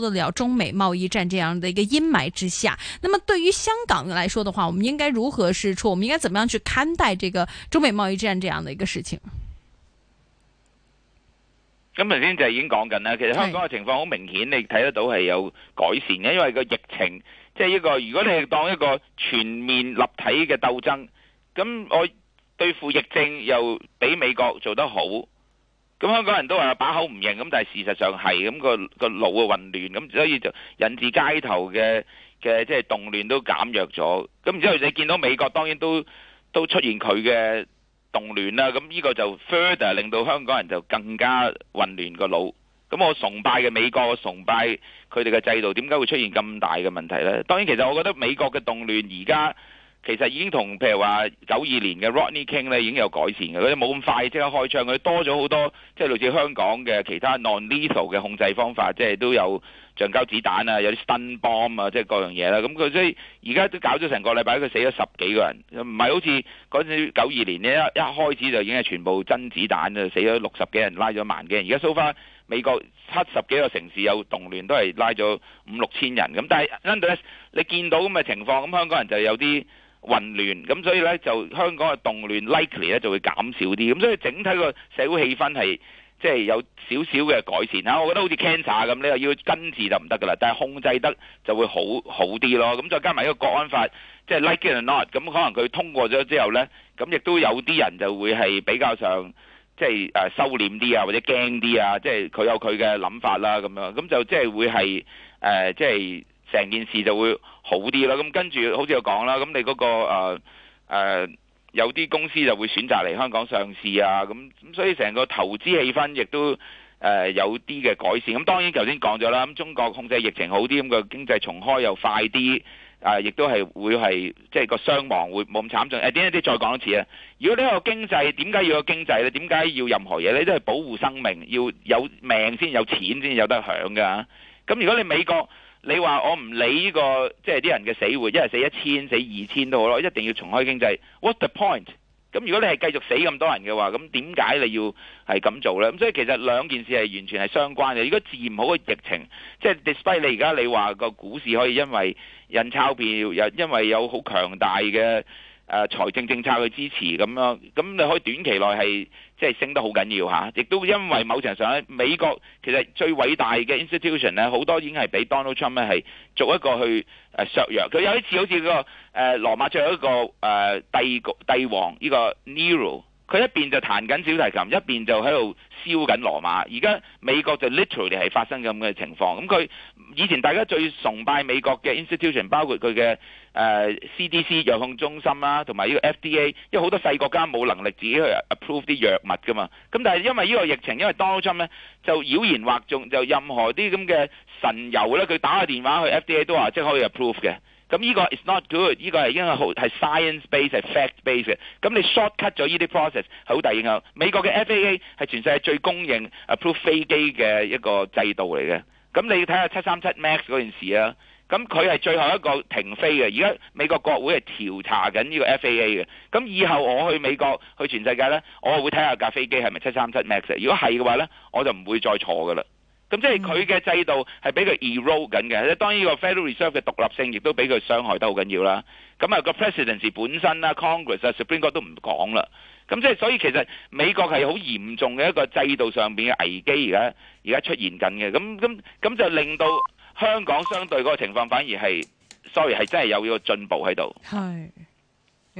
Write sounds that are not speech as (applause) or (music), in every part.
得了中美貿易戰這樣的一個陰霾之下，那麼對於香港來說的話，我們應該如何是處？我們應該怎麼樣去看待這個中美貿易戰這樣的一個事情？咁頭先就已經講緊啦，其實香港嘅情況好明顯，對你睇得到係有改善嘅，因為個疫情即係一個，如果你係當一個全面立體嘅鬥爭，咁我對付疫症又比美國做得好。咁香港人都話把口唔認，咁但係事實上係咁，個個腦嘅混亂，咁所以就引致街頭嘅嘅即係動亂都減弱咗。咁然之後你見到美國當然都都出現佢嘅動亂啦。咁呢個就 further 令到香港人就更加混亂個腦。咁我崇拜嘅美國，我崇拜佢哋嘅制度，點解會出現咁大嘅問題呢？當然其實我覺得美國嘅動亂而家。其實已經同譬如話九二年嘅 Rodney King 咧，已經有改善嘅。佢冇咁快即刻開槍，佢多咗好多，即係類似香港嘅其他 non lethal 嘅控制方法，即係都有橡膠子彈啊，有啲 stun bomb 啊，即係各樣嘢啦。咁佢所以而家都搞咗成個禮拜，佢死咗十幾個人，唔係好似嗰陣九二年呢，一開始就已經係全部真子彈啊，死咗六十幾人，拉咗萬幾人。而家 so far 美國七十幾個城市有動亂，都係拉咗五六千人。咁但係你見到咁嘅情況，咁香港人就有啲。混亂，咁所以呢就香港嘅動亂 likely 呢就會減少啲，咁所以整體個社會氣氛係即係有少少嘅改善啊！我覺得好似 cancer 咁，你話要根治就唔得㗎喇，但係控制得就會好好啲咯。咁再加埋一個國安法，即係 like it or not，咁可能佢通過咗之後呢，咁亦都有啲人就會係比較上即係誒收斂啲啊，或者驚啲啊，即係佢有佢嘅諗法啦咁樣，咁就即係會係誒即係。成件事就會好啲啦，咁跟住好似又講啦，咁你嗰個誒誒有啲公司就會選擇嚟香港上市啊，咁咁所以成個投資氣氛亦都誒有啲嘅改善，咁當然頭先講咗啦，咁中國控制疫情好啲，咁個經濟重開又快啲，啊，亦都係會係即係個傷亡會冇咁慘重。誒、哎，點啊？啲再講一次啊！如果呢個經濟點解要有經濟咧？點解要任何嘢咧？你都係保護生命，要有命先有錢，先有得享噶。咁如果你美國，你話我唔理呢個，即係啲人嘅死活，一係死一千、死二千都好咯，一定要重開經濟。What's the point？咁如果你係繼續死咁多人嘅話，咁點解你要係咁做呢？咁所以其實兩件事係完全係相關嘅。如果治唔好個疫情，即係 despite 你而家你話個股市可以因為印鈔票，又因為有好強大嘅。誒、啊、財政政策嘅支持咁樣，咁你可以短期內係即係升得好緊要嚇，亦、啊、都因為某程度上咧，美國其實最偉大嘅 institution 咧，好多已經係俾 Donald Trump 咧係做一個去誒削弱。佢有一次好似、這個誒、啊、羅馬最後一個誒、啊、帝國帝皇呢、這個 Nero，佢一邊就彈緊小提琴，一邊就喺度燒緊羅馬。而家美國就 literally 係發生咁嘅情況。咁佢以前大家最崇拜美國嘅 institution，包括佢嘅 CDC 藥控中心啦，同埋呢個 FDA，因為好多細國家冇能力自己去 approve 啲藥物㗎嘛。咁但係因為呢個疫情，因為 Donald Trump 咧就妖言惑眾，就任何啲咁嘅神油咧，佢打個電話去 FDA 都話即係可以 approve 嘅。咁呢個 is not good，依個係因為係 science base 係 fact base 嘅，咁你 short cut 咗呢啲 process 好大影響。美國嘅 FAA 係全世界最公認 approve 飛機嘅一個制度嚟嘅，咁你要睇下七三七 max 嗰件事啊，咁佢係最後一個停飛嘅，而家美國國會係調查緊呢個 FAA 嘅，咁以後我去美國去全世界咧，我會睇下架飛機係咪七三七 max，如果係嘅話咧，我就唔會再坐噶啦。咁即係佢嘅制度係俾佢 erode 緊嘅，即係當然個 Federal Reserve 嘅獨立性亦都俾佢傷害得好緊要啦。咁啊個 Presidency 本身啦、Congress 啊、Supreme Court 都唔講啦。咁即係所以其實美國係好嚴重嘅一個制度上邊嘅危機，而家而家出現緊嘅。咁咁咁就令到香港相對嗰個情況反而係，sorry，係真係有呢個進步喺度。係。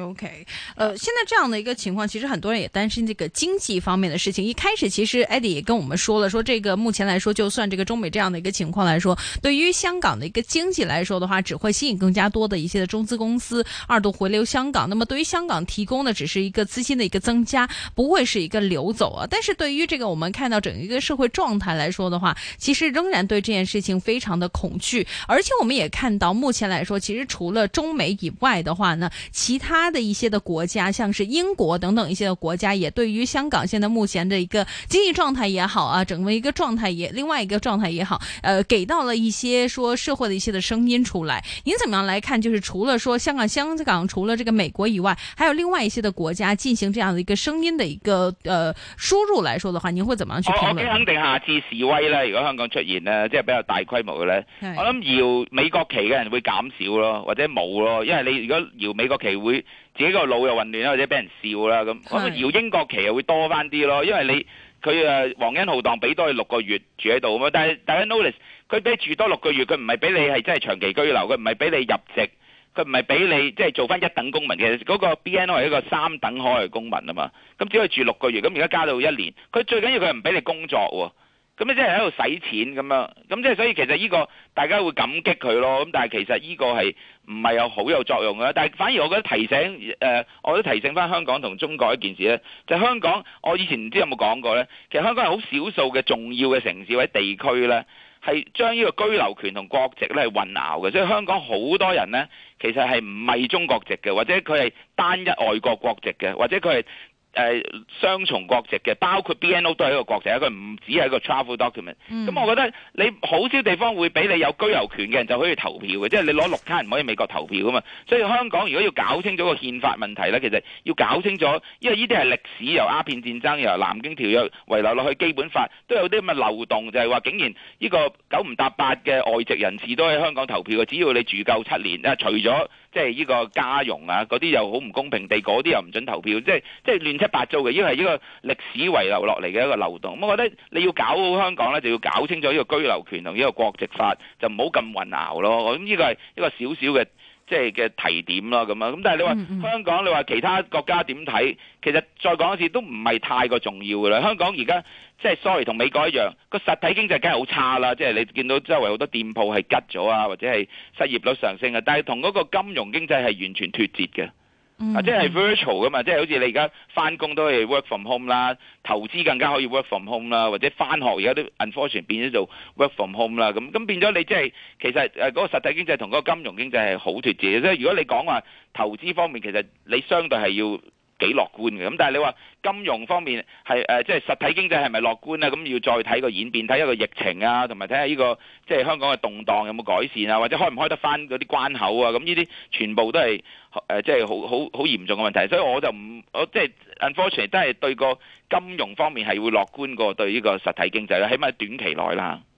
OK，呃，現在這樣的一個情況，其實很多人也擔心這個經濟方面的事情。一開始，其實艾迪也跟我們說了說，說這個目前來說，就算這個中美這樣的一個情況來說，對於香港的一個經濟來說的話，只會吸引更加多的一些的中資公司二度回流香港。那麼，對於香港提供的只是一個資金的一個增加，不會是一個流走啊。但是對於這個我們看到整一個社會狀態來說的話，其實仍然對這件事情非常的恐懼。而且，我們也看到目前來說，其實除了中美以外的話呢，其他的一些的國家，像是英國等等一些的國家，也對於香港現在目前的一個經濟狀態也好啊，整個一個狀態也另外一個狀態也好，呃，給到了一些說社會的一些的聲音出來。您怎麼樣來看？就是除了說香港，香港除了這個美國以外，還有另外一些的國家進行這樣的一個聲音的一個呃輸入來說的話，您會怎麼樣去評論？我我肯定下次示威呢，如果香港出現呢，即係比較大規模嘅呢，的我諗搖美國旗嘅人會減少咯，或者冇咯，因為你如果搖美國旗會。自己個腦又混亂啦，或者俾人笑啦咁。咁搖是英國旗又會多翻啲咯，因為你佢誒皇恩浩蕩俾多你六個月住喺度嘛。但係大家 notice，佢俾你住多六個月，佢唔係俾你係真係長期居留，佢唔係俾你入籍，佢唔係俾你即係、就是、做翻一等公民，其實嗰個 BNO 係一個三等開嘅公民啊嘛。咁只可以住六個月，咁而家加到一年，佢最緊要佢係唔俾你工作喎。咁你即係喺度使錢咁樣，咁即係所以其實呢個大家會感激佢咯，咁但係其實呢個係唔係有好有作用嘅，但係反而我覺得提醒誒、呃，我都提醒返香港同中國一件事咧，就係、香港我以前唔知有冇講過咧，其實香港係好少數嘅重要嘅城市或者地區咧，係將呢個居留權同國籍咧係混淆嘅，所以香港好多人咧其實係唔係中國籍嘅，或者佢係單一外國國籍嘅，或者佢係。誒雙重國籍嘅，包括 BNO 都係一個國籍，佢唔止係一個,個 travel document、嗯。咁我覺得你好少地方會俾你有居留權嘅人就可以投票嘅，即係你攞綠卡唔可以美國投票㗎嘛。所以香港如果要搞清楚個憲法問題呢，其實要搞清楚，因為呢啲係歷史由鴉片戰爭由南京條約遺留落去基本法都有啲咁嘅漏洞，就係、是、話竟然呢個九唔搭八嘅外籍人士都喺香港投票嘅，只要你住夠七年啊，除咗。即係呢個家傭啊，嗰啲又好唔公平，地嗰啲又唔准投票，即係即係亂七八糟嘅，呢個係呢個歷史遺留落嚟嘅一個漏洞。咁我覺得你要搞好香港呢，就要搞清楚呢個居留權同呢個國籍法，就唔好咁混淆咯。咁呢個係一個少少嘅即係嘅提點囉。咁咁但係你話、嗯嗯、香港，你話其他國家點睇？其實再講一次，都唔係太過重要嘅啦。香港而家。即係 sorry，同美國一樣，個實體經濟梗係好差啦，即係你見到周圍好多店鋪係吉咗啊，或者係失業率上升啊，但係同嗰個金融經濟係完全脱節嘅，即係 virtual 噶嘛，hmm. 即係好似你而家翻工都係 work from home 啦，投資更加可以 work from home 啦，或者翻學而家啲 unfortunate 變咗做 work from home 啦，咁咁變咗你即係其實誒嗰個實體經濟同嗰個金融經濟係好脱節嘅，即係如果你講話投資方面，其實你相對係要。幾樂觀嘅，咁但係你話金融方面係、呃、即係實體經濟係咪樂觀呀？咁、嗯、要再睇個演變，睇一個疫情啊，同埋睇下呢個即係香港嘅動盪有冇改善啊，或者開唔開得翻嗰啲關口啊？咁呢啲全部都係、呃、即係好好好嚴重嘅問題，所以我就唔，我即係 unfortunately 都係對個金融方面係會樂觀過對呢個實體經濟啦，起碼短期內啦。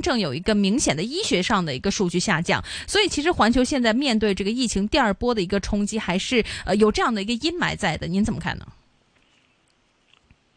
正有一個明顯的醫學上的一個數據下降，所以其實環球現在面對這個疫情第二波的一個衝擊，還是、呃、有這樣的一個陰霾在的。您怎麼看呢？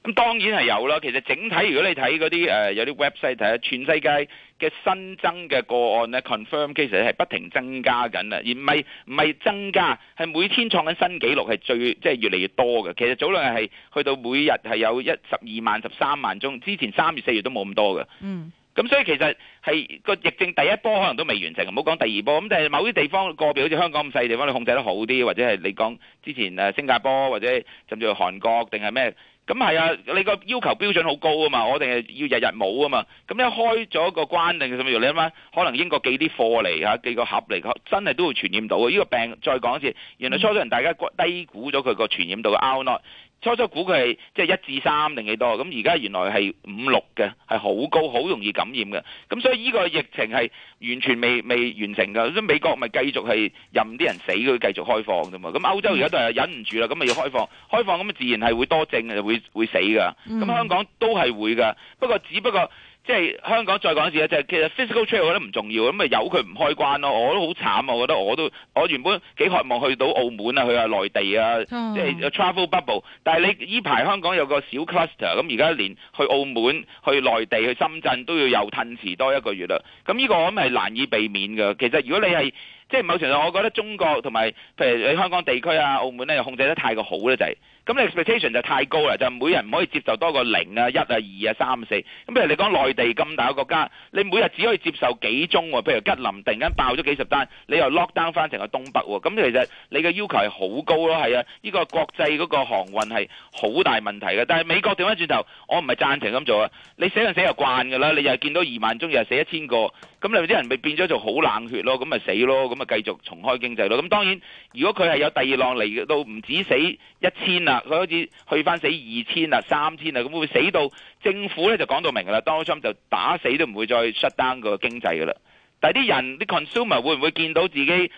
咁、嗯、當然係有啦。其實整體如果你睇嗰啲誒有啲 website 睇下，全世界嘅新增嘅個案呢 confirm 其實係不停增加緊啦，而唔係唔係增加，係每天創緊新紀錄，係最即係越嚟越多嘅。其實早兩日係去到每日係有一十二萬十三萬宗，之前三月四月都冇咁多嘅。嗯。咁所以其實係個疫症第一波可能都未完成，唔好講第二波。咁但係某啲地方個別好似香港咁細嘅地方，你控制得好啲，或者係你講之前誒新加坡或者甚至韓國定係咩？咁係啊，你個要求標準好高啊嘛，我哋係要日日冇啊嘛。咁一開咗個關定甚麼？你諗下，可能英國寄啲貨嚟嚇，寄個盒嚟，真係都會傳染到。呢個病再講一次，原來初初人大家低估咗佢個傳染度嘅 out 初初估計係即係一至三定幾多？咁而家原來係五六嘅，係好高，好容易感染嘅。咁所以呢個疫情係完全未未完成㗎。咁美國咪繼續係任啲人死，佢繼續開放啫嘛。咁歐洲而家都係忍唔住啦，咁咪要開放，開放咁咪自然係會多症，就會會死㗎。咁香港都係會㗎，不過只不過。即係香港再講次啊！即、就、係、是、其實 physical trade 我覺得唔重要，咁咪由佢唔開關咯、啊。我都好慘啊！我覺得我都我原本幾渴望去到澳門啊、去下內地啊，即、就、係、是、travel bubble。但係你依排香港有個小 cluster，咁而家連去澳門、去內地、去深圳都要又吞遲多一個月啦。咁呢個我諗係難以避免嘅。其實如果你係即係某程度，我覺得中國同埋譬如你香港地區啊、澳門咧，控制得太過好咧、就是，就係。咁你 expectation 就太高啦，就是、每人唔可以接受多個零啊、一啊、二啊、三啊、四。咁譬如你講內地咁大個國家，你每日只可以接受幾宗、啊？譬如吉林突然間爆咗幾十單，你又 lock down 翻成個東北喎、啊。咁其實你嘅要求係好高咯，係啊，呢、呢個國際嗰個航運係好大問題嘅。但係美國調翻轉頭，我唔係贊成咁做啊！你死，死就死又慣㗎啦，你又見到二萬宗又死一千個，咁你啲人咪變咗做好冷血咯？咁咪死咯？咁咪繼續重開經濟咯？咁當然，如果佢係有第二浪嚟嘅，都唔止死一千啊！嗱，佢開始去翻死二千啊，三千啊，咁會死到政府咧就講到明噶啦，特朗普就打死都唔會再 shut down 個經濟噶啦。但係啲人啲 consumer 會唔會見到自己誒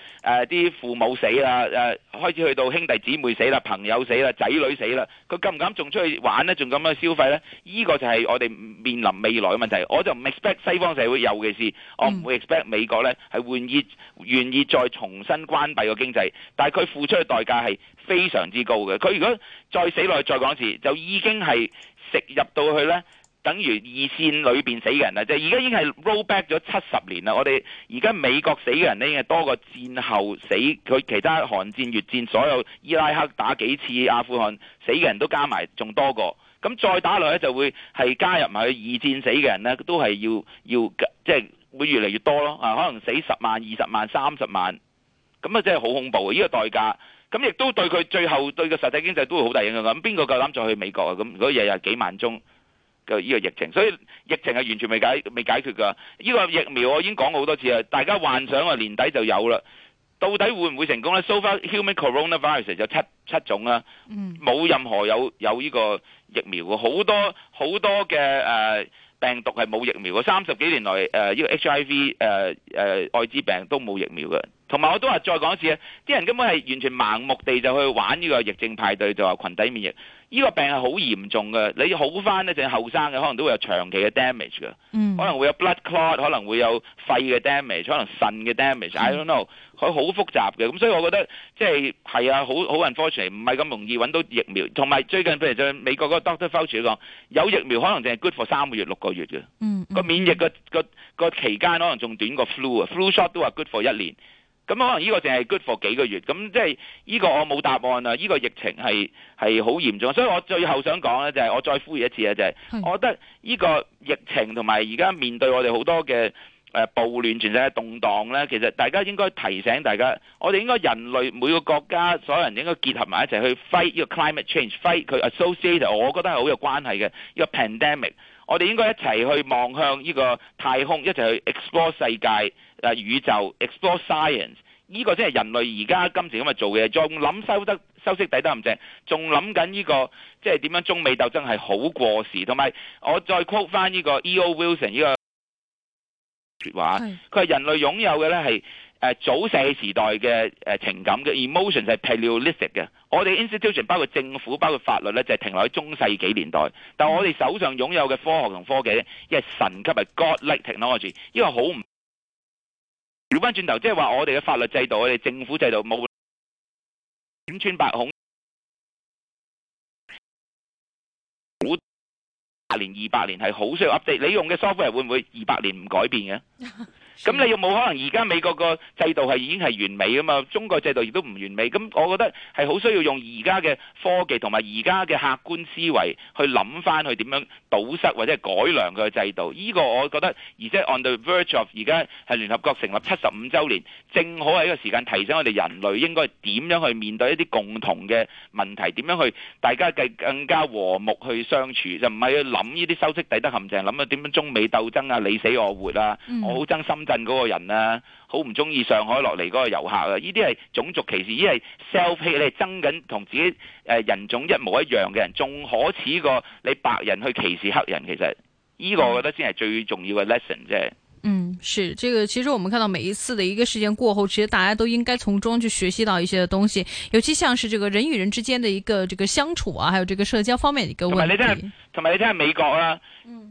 啲，呃、父母死啦誒、呃、開始去到兄弟姊妹死啦，朋友死啦，仔女死啦，佢敢唔敢仲出去玩咧，仲咁樣消費咧？呢，呢個就係我哋面臨未來嘅問題，我就唔 expect 西方社會尤其是我唔會 expect 美國咧係願意，願意再重新關閉個經濟，但係佢付出嘅代價係非常之高嘅。佢如果再死落去，再講事，就已經係食入到去咧，等於二戰裏邊死嘅人即係而家已經係 roll back 咗七十年啦。我哋而家美國死嘅人呢，已經係多過戰後死佢其他韓戰、越戰所有伊拉克打幾次、阿富汗死嘅人都加埋仲多過。咁再打落去就會係加入埋二戰死嘅人呢，都係要要即係、就是、會越嚟越多咯。啊，可能死十萬、二十萬、三十萬，咁啊真係好恐怖呢、這個代價。咁亦都對佢最後對個實體經濟都會好大影響。咁邊個夠膽再去美國啊？咁如果日日幾萬宗？嘅呢個疫情，所以疫情係完全未解未解決㗎。呢、這個疫苗我已經講過好多次啊，大家幻想啊年底就有啦，到底會唔會成功咧？So far, human coronavirus 有七七種啊，冇任何有有呢個疫苗㗎。好多好多嘅、呃、病毒係冇疫苗㗎。三十幾年來誒呢、呃這個 HIV 誒、呃、艾、呃、滋病都冇疫苗嘅。同埋我都話再講一次，啲人根本係完全盲目地就去玩呢個疫症派對，就話群體免疫。呢個病係好嚴重嘅，你好翻呢，就係後生嘅，可能都會有長期嘅 damage 㗎。嗯、可能會有 blood clot，可能會有肺嘅 damage，可能腎嘅 damage。I don't know，佢好複雜嘅。咁所以我覺得即係係啊，好好 unfortunately，唔係咁容易揾到疫苗。同埋最近譬如就美國嗰個 Doctor Fauci 講，有疫苗可能淨係 good for 三個月、六個月嘅。嗯，個免疫、嗯個個期間可能仲短過 flu 啊、嗯、flu shot 都話 good for 一年。咁可能呢個淨係 good for 幾個月，咁即係呢個我冇答案啊！呢個疫情係係好嚴重，所以我最後想講咧就係、是、我再呼籲一次啊、就是，就係是我覺得呢個疫情同埋而家面對我哋好多嘅誒暴亂、全世界嘅動盪咧，其實大家應該提醒大家，我哋應該人類每個國家所有人應該結合埋一齊去 fight 呢個 climate change，fight 佢 associated，我覺得係好有關係嘅呢個 pandemic，我哋應該一齊去望向呢個太空，一齊去 explore 世界。係宇宙 explore science，呢個即係人類而家今時今日做嘅，仲諗收得收息抵得唔正，仲諗緊呢個即係點樣中美鬥爭係好過時，同埋我再 quote 翻呢個 E.O. Wilson 呢、這個是說話，佢係人類擁有嘅咧係誒早世時代嘅誒、啊、情感嘅 emotion 係 paleolithic 嘅，我哋 institution 包括政府包括法律咧就係、是、停留喺中世紀年代，但係我哋手上擁有嘅科學同科技咧、like、因為神級係 godlike technology，呢個好唔？回翻轉頭，即係話我哋嘅法律制度，我哋政府制度冇五穿八孔，好百年、二百年係好需要 update。你用嘅 software 會唔會二百年唔改變嘅？ (laughs) 咁你有冇可能而家美國個制度係已經係完美噶嘛？中國制度亦都唔完美。咁我覺得係好需要用而家嘅科技同埋而家嘅客觀思維去諗翻去點樣堵塞或者係改良佢嘅制度。呢、這個我覺得而且 on the verge of 而家係聯合國成立七十五周年，正好喺呢個時間提醒我哋人類應該點樣去面對一啲共同嘅問題，點樣去大家更更加和睦去相處，就唔係去諗呢啲修昔底德陷阱，諗啊點樣中美鬥爭啊你死我活啊，我好真心。鎮嗰個人啊，好唔中意上海落嚟嗰個遊客啊！呢啲係種族歧視，呢啲係 self hate，嗯、你係爭緊同自己誒、呃、人種一模一樣嘅人，仲可恥過你白人去歧視黑人。其實呢、這個我覺得先係最重要嘅 lesson 啫。嗯，是，這個其實我們看到每一次的一個事件過後，其實大家都應該從中去學習到一些嘅東西，尤其像是這個人與人之間的一個這個相處啊，還有這個社交方面的一個問題。同埋你睇下，同埋你睇下美國啦、啊。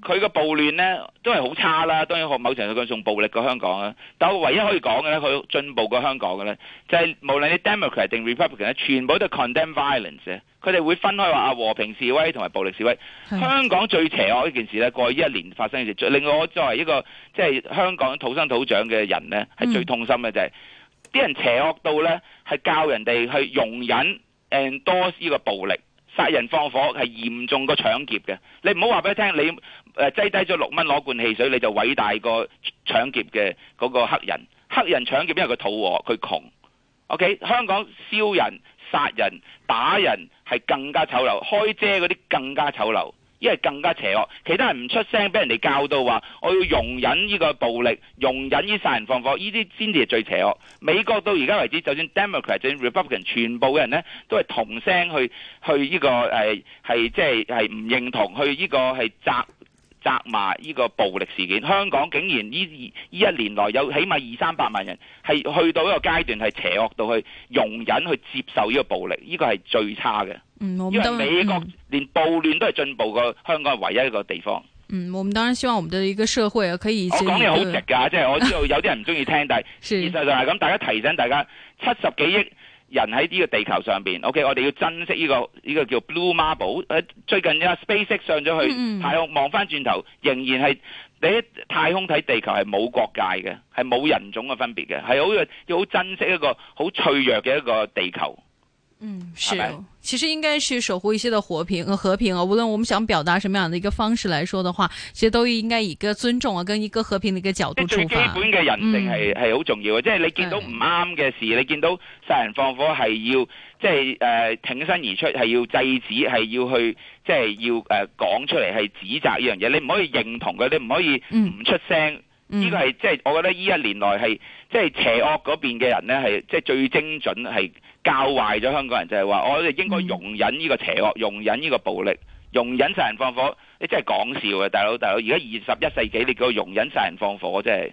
佢個暴亂呢都係好差啦，當然學某程度佢仲暴力過香港啊。但我唯一可以講嘅呢，佢進步過香港嘅呢，就係、是、無論你 Democrat 定 Republican 全部都係 condemn violence。佢哋會分開話啊和平示威同埋暴力示威。的香港最邪惡呢件事呢，過去一年發生嘅事，另外，我作為一個即係、就是、香港土生土長嘅人呢，係最痛心嘅就係、是、啲、嗯、人邪惡到呢，係教人哋去容忍 endorse 呢個暴力。殺人放火係嚴重過搶劫嘅，你唔好話俾佢聽，你誒擠低咗六蚊攞罐汽水，你就偉大過搶劫嘅嗰個黑人，黑人搶劫因為佢肚餓，佢窮，OK？香港燒人、殺人、打人係更加醜陋，開遮嗰啲更加醜陋。因為更加邪惡，其他人唔出聲，俾人哋教到話，我要容忍呢個暴力，容忍呢殺人放火，呢啲先至係最邪惡。美國到而家為止，就算 Democrat，就算 Republican，全部嘅人咧，都係同聲去去呢個係即係係唔認同，去呢個係責。是責罵呢個暴力事件，香港竟然呢，呢一年內有起碼二三百萬人係去到一個階段，係邪惡到去容忍去接受呢個暴力，呢個係最差嘅。嗯，因為美國連暴亂都係進步過香港，係唯一一個地方。嗯，我們當然希望我們的一個社會可以。我講嘢好直噶，即係對我知道有啲人唔中意聽， (laughs) 是但係事實上係咁，大家提醒大家七十幾億。人喺呢個地球上邊，OK，我哋要珍惜呢、這個呢、這個叫 Blue Marble 最近阿 SpaceX 上咗去太空望翻轉頭，仍然係你太空睇地球係冇國界嘅，係冇人種嘅分別嘅，係好要好珍惜一個好脆弱嘅一個地球。嗯，是，其實應該是守護一些的和平和平啊，無論我們想表達什麼樣的一個方式來說的話，其實都應該以一個尊重啊，跟一個和平的一個角度出發。最基本嘅人性係係好重要嘅，即係你見到唔啱嘅事，的你見到殺人放火係要即係誒挺身而出，係要制止，係要去即係要誒講出嚟，係指責呢樣嘢，你唔可以認同佢，你唔可以唔出聲。呢個係即係我覺得呢一年來係即係邪惡嗰邊嘅人咧，係即係最精準係。教壞咗香港人就係話，我哋應該容忍呢個邪惡，容忍呢個暴力，容忍殺人放火，你真係講笑啊，大佬，大佬，而家二十一世紀你叫我容忍殺人放火，真係。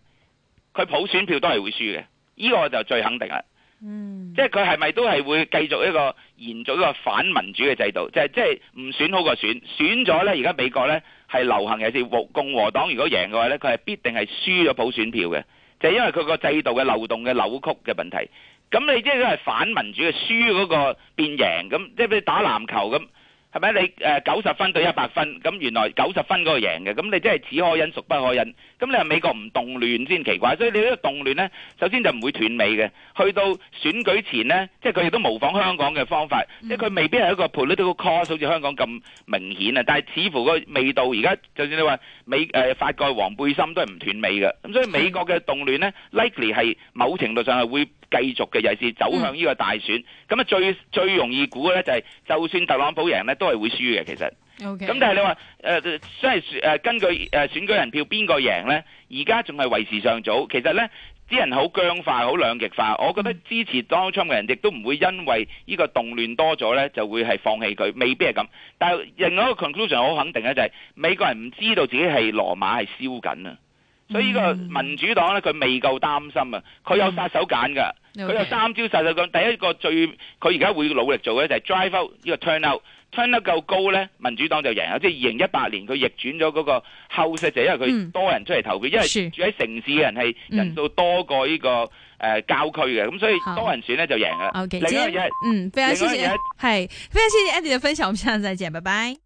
佢普選票都係會輸嘅，呢個我就最肯定啦。嗯，即係佢係咪都係會繼續一個延續一個反民主嘅制度？即係即係唔選好過選，選咗咧，而家美國咧係流行嘅是共和黨，如果贏嘅話咧，佢係必定係輸咗普選票嘅，就係因為佢個制度嘅漏洞嘅扭曲嘅問題。咁你即係都係反民主嘅輸嗰個變贏，咁即係譬如打籃球咁。係咪你誒九十分對一百分咁？原來九十分嗰個贏嘅，咁你真係是可忍孰不可忍？咁你話美國唔動亂先奇怪，所以你呢個動亂咧，首先就唔會斷尾嘅。去到選舉前咧，即係佢亦都模仿香港嘅方法，即係佢未必係一個 political cause 好似香港咁明顯啊！但係似乎個味道而家就算你話美誒法國黃背心都係唔斷尾嘅，咁所以美國嘅動亂咧，likely 係某程度上係會。繼續嘅尤其是走向呢個大選，咁啊、嗯、最最容易估嘅呢，就係、是，就算特朗普贏呢，都係會輸嘅。其實，咁 Okay. 但係你話誒，即、呃、係、呃、根據誒、呃、選舉人票邊個贏呢，而家仲係為時尚早。其實呢，啲人好僵化，好兩極化。嗯、我覺得支持 Donald Trump 嘅人亦都唔會因為呢個動亂多咗呢，就會係放棄佢，未必係咁。但係另外一個 conclusion 好肯定呢、就是，就係美國人唔知道自己係羅馬係燒緊啊，所以呢個民主黨呢，佢未夠擔心啊，佢有殺手鐧㗎。嗯嗯。佢有三招細細講，第一個最佢而家會努力做咧，就係 drive out 呢個 turnout，turnout 夠高咧，民主黨就贏啊！即係二零一八年佢逆轉咗嗰個後勢，就係因為佢多人出嚟投票，因為住喺城市嘅人係人數多過呢個誒郊區嘅，咁所以多人選咧就贏啊！OK，謝謝，嗯，非常謝謝，係非常謝謝 Eddie 嘅分享，我哋下次再見，拜拜。